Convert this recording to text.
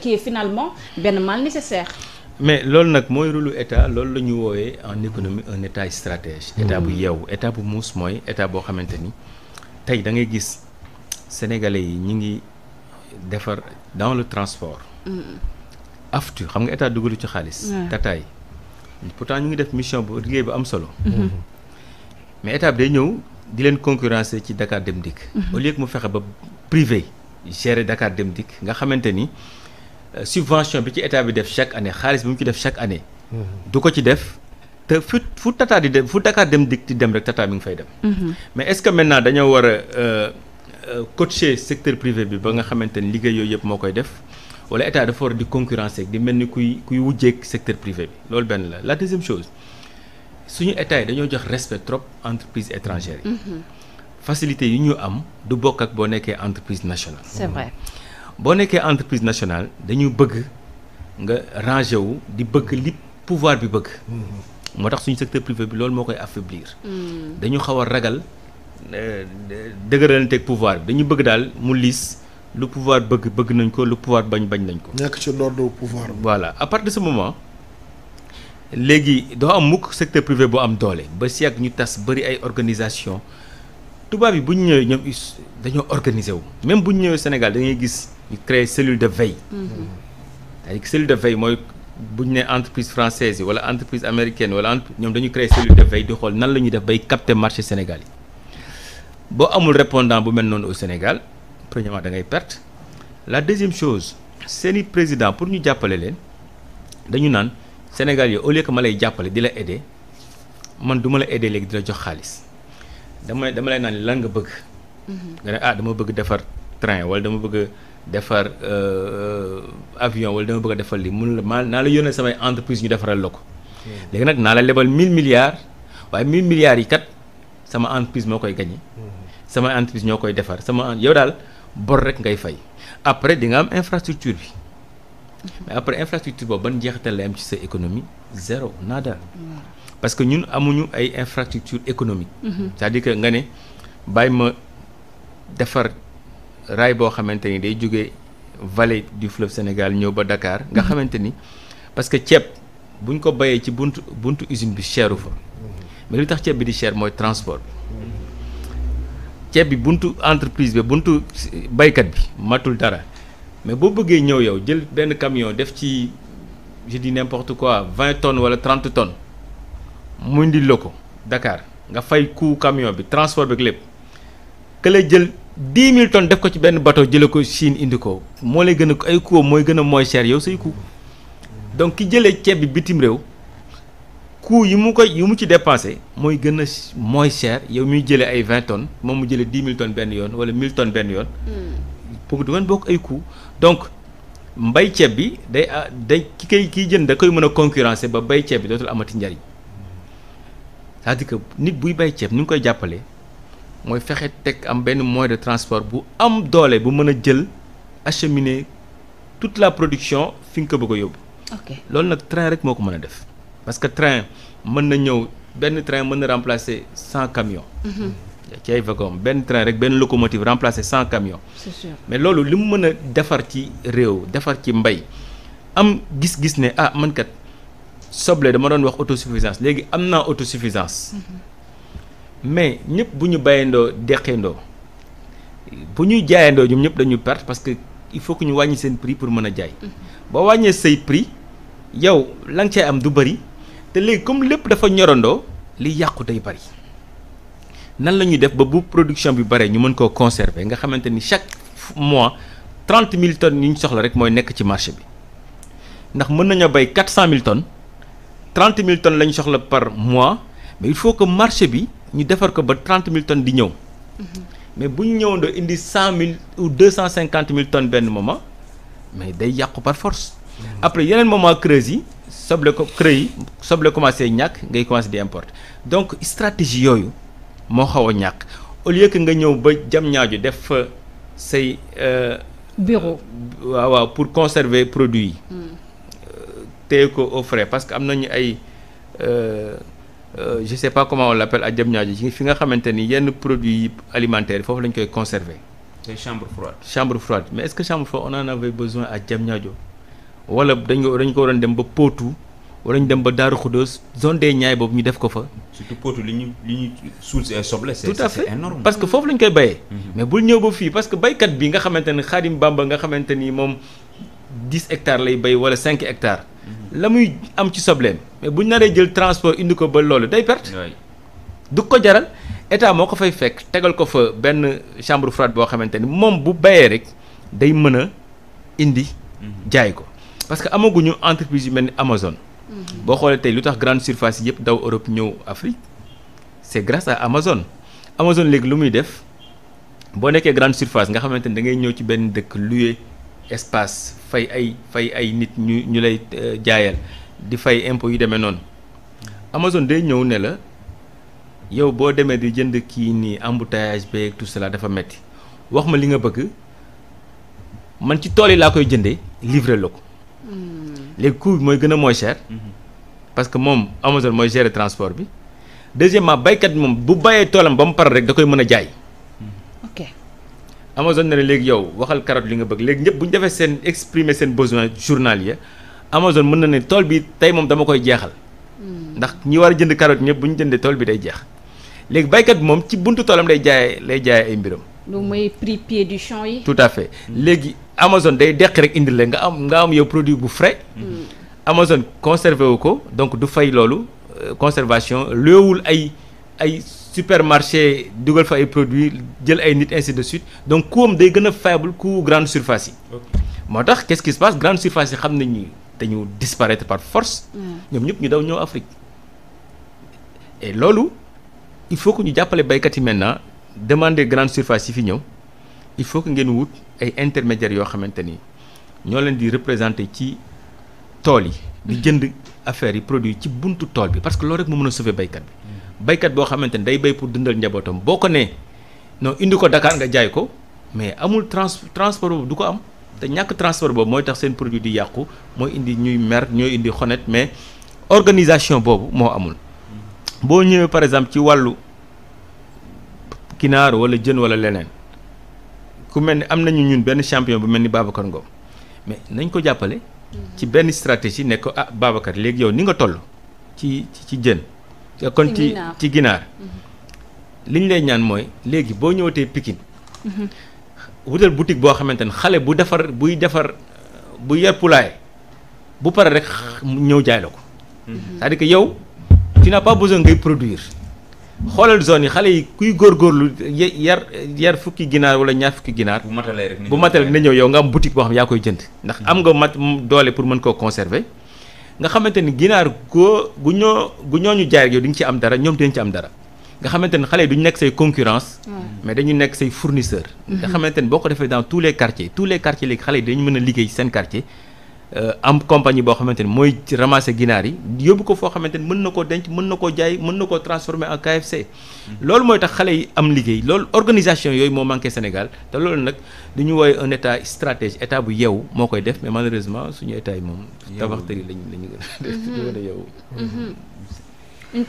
qui finalement benn mal nécessaire. mais loolu nag mooy rôle état loolu la ñu woowee en économie un état stratège. Hmm. état bu yeewu état bu muus mooy état boo xamante ni tey da ngay gis sénégalais yi ñu ngi defar dans le transport. Hmm. aftu xam nga état dugalu ci xaalis. tataay pourtant ñu ngi def mission bu liggéey bu am solo. Hmm. mais état bi ñëw di leen concurrencer ci Dakar Dem Dikk. au mu fexe ba privé gérer Dakar Dem Dikk nga xamante ni. subvention bi ci état bi def chaque année xaalis bi mu ci def chaque année. du ko ci def te fu fu Tata di dem fu Dakar dem di dem rek Tata mi nga fay dem. Mhm. mais est-ce que maintenant dañoo war a euh, euh, coacher secteur privé bi ba nga xamante ni liggéey yooyu yëpp moo koy def wala état dafa war di concurrencer di mel ni kuy kuy wujjeeg secteur privé bi loolu benn la la deuxième chose suñu état yi dañoo jox respect trop entreprise étrangère yi. Mhm. facilité yi ñu am du bokk ak boo nekkee entreprise nationale. c'est boo nekkee entreprise nationale dañu bëgg nga ranger wu di bëgg li pouvoir bi bëgg. Mm-hmm. moo tax suñu secteur privé bi loolu moo koy affaiblir. Mm. dañu xaw a ragal euh, dëgëralanteeg pouvoir bi dañu bëgg daal mu liis lu pouvoir bëgg bëgg nañ ko lu pouvoir bañ bañ nañ ko. nekk ci doo pouvoir voilà à partir de ce moment léegi doo am mukk secteur privé boo am doole ba si ak ñu tas bëri ay organisation tubaab yi bu ñu ñëwee ñoom dañoo organiser wu. même bu ñu ñëwee Sénégal da gis. ñu créer cellule de veille mhm. cest à de veille mooy bu ñu nee entreprise française yi wala entreprise américaine wala ñoom dañu créer cellule de veille di xool nan la ñuy def bay capter marché Sénégal yi boo amul repondant bu mel noonu au Sénégal premièrement da ngay perte la deuxième chose seeni président pour ñu jàppale leen dañu naan Sénégal yi au lieu que ma lay jàppale di la aider man duma la aider léegi di la jox xaalis dama dama lay naan lan nga bëgg. Mhm. nga ne ah dama bëgg defar train wala dama bëgg. defar euh, euh, avion wala dama bëgg a defal lii mun la maa naa la yónnee samay entreprise ñu defaral la ko. Hmm. léegi nag naa la lebal 1000 milliards waaye 1000 milliards yi kat sama entreprise moo koy gagné. Hmm. sama entreprise ñoo koy defar sama yow daal bor rek ngay fay après dinga am infrastructure bi hmm. mais après infrastructure boobu ba jeexital lay am ci sa économie zéro nada. parce que ñun amuñu ay infrastructure économique. c'est-à-dire que nga ne bàyyi raay boo xamante ni day jóge vallée du Sénégal ñëw ba dakaar nga mhm. xamante ni parce que ceeb buñ ko bayee ci buntu buntu usine bi cheru fa mhm. mais li tax ceeb bi di cher mooy transport bi ceeb bi buntu entreprise bi buntu baykat bi matul dara mais boo bëggee ñëw yow jël benn camion def ci je dis n'importe quoi vingt tonnes wala trente tonnes mu indi la ko dakaar nga fay coût camion bi transport bi lépp kële jël. dix mille tonnes def ko ci benn bato jële ko Chine indi ko moo lay gën a ay coût mooy gën a mooy cher yow say coût donc ki jëlee ceeb bi bitim réew coût yi mu koy yi mu ci dépensé mooy gën a mooy cher yow muy jëlee ay vingt tonnes moom mu jëlee dix mill ton benn yoon wala mille tonnes benn yoon. Hmm. pour du ngeen bokk ay coût donc mbay ceeb bi day day ki koy kiy jën da koy mën a concurrencer ba bay ceeb bi dootul amati njariñ cest à nit buy bay ceeb ni nga koy jàppale. mooy fexe teg am benn mois de transport bu am doole bu mën a jël acheminer toute la production fi nga ko bëgg a yóbbu. ok loolu nag train rek moo ko mën a def. parce que train mën na ñëw benn train mën na remplacer cent camion mhm. ci ay benn train rek benn locomotive remplacer cent camions. c'est sûr mais loolu li mu mën a defar ci réew defar ci mbay am gis-gis ne ah man kat soble dama doon wax autosuffisance léegi am naa autosuffisance. Mm mais ñëpp bu ñu bàyyandoo deqeendoo bu ñuy jaayandoo ñoom ñëpp dañuy perte parce que il faut que ñu wàññi seen prix pour mën a jaay mm-hmm. boo wàññee say prix yow la nga cay am du bëri te léegi comme lépp dafa ñorandoo li yàqu day bëri nan la ñuy def ba bu production bi bare ñu mën koo conserver nga xamante ni chaque mois trente mille tonnes yi ñu soxla rek mooy nekk ci marché bi ndax mën nañoo béy quatre cent mille tonnes trente mille tonnes la ñu soxla par mois mais il faut que marché bi ñu defar ko ba trente mille tonnes di ñëw mais bu ñu ñëwandoo indi cent mille ou deux cent cinquante mille tonnes benn moment mais day yàqu par force après yeneen moment creuses yi soble ko creux yi soble commencé ñàkk ngay commencé di importer donc stratégie yooyu moo xaw a ñàkk au lieu que nga ñëw ba jam ñaaju def fa say euh, bureau waaw pour conserver produits yi hmm. euh, téye ko au frais parce que am nañu ay euh, Euh, je sais pas comment on l'appelle à Diamniadio ci fi nga xamante ni yenn produits alimentaires foofu la ñu koy conserver c'est chambre froide mais est-ce que chambre froide on en avait besoin à Diamniadio wala dañ ko dañ waroon dem ba Potou wala ñu dem ba Darou Khoudoss zone des Niayes boobu ñu def ko fa. surtout Potou li ñu li ñu suul si ay parce que foofu lañ koy bayee. Mhm. mais bul ñëw ba fii parce que baykat bi nga xamante ne Xaadim Bamba nga xamante ni moom 10 hectares lay bay wala cinq hectares. la muy am ci sobleem mais bu ñu naree jël transport indi ko ba loolu day perte. du ko jaral état moo ko fay fekk tegal ko fa benn chambre froide boo xamante ni moom bu bayee rek day mën a indi. Mhm. jaay ko parce que amaguñu entreprise yu mel ni Amazon. Mhm. boo xoolee tey lu tax grande surface yëpp daw Europe ñëw Afrique c'est grâce à Amazon Amazon léegi lu muy def boo nekkee grande surface nga xamante ni da ngay ñëw ci benn dëkk louer. espace fay ay fay ay nit ñu ñu lay eh, jaayal di fay impôt yu demee noonu Amazon day ñëw ne la yow boo demee di jënd kii nii embouteillage beeg tout dafa metti wax ma li nga bëgg man ci tool yi laa koy jëndee livré la ko. Hmm. léegi coût mooy gën a mooy cher. Mhm. parce que moom Amazon mooy gérer transport bi deuxièmement baykat moom bu bàyyee toolam ba mu pare rek da koy mën a jaay. Amazon ne léegi yow waxal carotte li nga bëgg léegi ñëpp bu ñu defee seen exprimer seen besoin journalier Amazon mën na ne tool bi tey moom dama koy jeexal hmm. ndax ñi war a jënd karoot ñëpp bu ñu jëndee tool bi day jeex léegi baykat moom ci buntu toolam lay jaayee lay jaayee ay mbiram. lu mooy prix pied du champ yi. tout à fait hmm. léegi Amazon day deqi rek indil la nga am nga am yow produit bu frais. Hmm. Amazon conservé wu ko donc du fay loolu euh, conservation léewul ay ay. supermarché dugal fa ay produits jël ay nit ainsi de suite donc coûtam day gën a faible coût grande surface yi. moo tax qu'est-ce qui se passe grande yi xam nañ ni dañu disparaitre par force. Mm. ñoom ñëpp ñu daw ñëw Afrique. loolu il faut que ñu jàppale baykat yi maintenant demande grande surface yi fi ñëw il faut que ngeen wut ay intermédiaires yoo xamante ni ñoo leen di représenter ci tool yi. di jënd affaires yi produits ci buntu tool bi parce que loolu rek mu mën a baykat bi. Mm. baykat boo xamante ne day bay pour dundal njabootam boo ko nee non indi ko Dakar nga jaay ko mais amul trans transport boobu du ko am te ñàkk transport boobu mooy tax seen produit di yàqu mooy indi ñuy mer ñooy indi xonet mais organisation boobu moo amul. boo ñëwee par exemple ci wàllu kinaar wala jën wala leneen ku mel ni am nañu ñun benn champion bu mel ni Babacar Ngom mais nañ ko jàppale. Mm. ci benn stratégie nekk ko ah Babacar léegi yow ni nga toll ci ci jën. kon ci ci ginaar li ñu lay ñaan mooy léegi boo ñëwatee Pikine mhm. wutal boutique boo xamante ne xale bu defar buy defar bu yar poulailler bu pare rek ñëw jaay ko mhm. c'est-à-dire que yow tu n'as pas besoin ngay produire xoolal zone yi xale yi kuy góorgóorlu yar yar fukki ginaar wala ñaar fukki ginaar bu matalee rek na ñëw yow nga am boutique boo xam yaa koy jënd ndax am nga mat doole pour mën koo conserver nga xamante ni ginaar goo gu ñoo gu ñoo jaar yow di nga ci am dara ñoom dinañ ci am dara nga xamante ni xale yi duñu nekk say concurrence mm. mais dañu nekk say fournisseur nga mm-hmm. xamante ni boo ko defee dans tous les quartiers tous les quartiers léegi xale yi dañu mën a liggéey seen quartier Euh, am compagnie boo xamante ni mooy ramasser ginaar yi yóbbu ko foo xamante ni mën na koo denc mën na koo jaay mën na koo transformer en KFC. loolu mooy tax xale yi am liggéey loolu organisation yooyu moo manqué Sénégal te loolu nag du ñu woowee un état stratège état bu yeewu moo koy def mais malheureusement suñu état yi moom. tabax tëri lañ lañu gën a def. Mhm. Mhm.